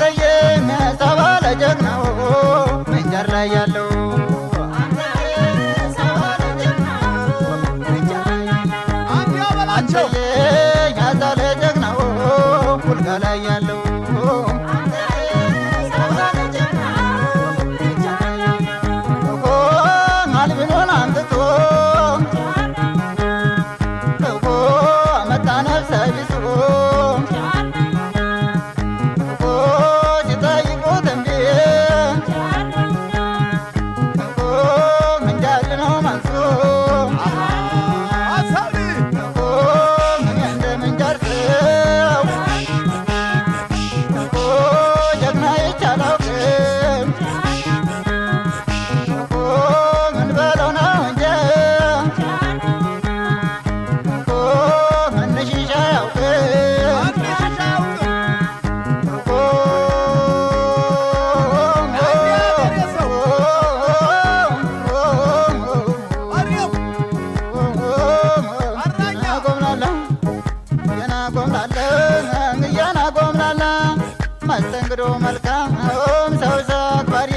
Reyes. መስተንግዶ መልካም ሰው ሰው አክባሪ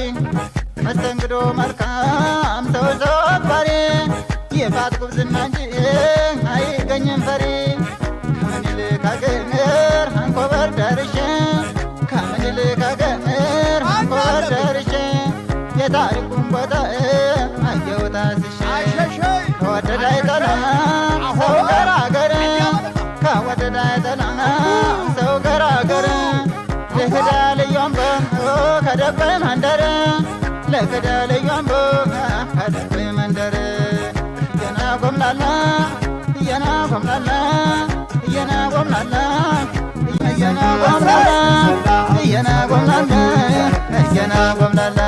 መስተንግዶ መልካም ሰው ሰው አክባሪ የባት ጉብዝና እንጂ አይገኝም ፈሪ ከምኒልክ ሀገር አንኮበር ደርሼ ከምኒልክ ሀገር አንኮበር ደርሼ የታሪኩን ቦታ ለገዳልዮም ከደበ መንደር ለገዳልዮም ከደበ መንደር የና ጎምላላ የና ጎምላላ የና ጎምላላ የና ጎምላላ የና ጎምላላ የና ጎምላላ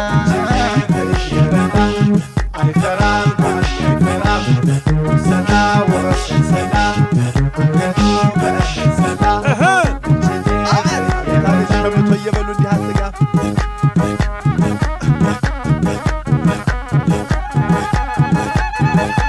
ሰና ወረሰና አንገቱ በረሸ Thank you.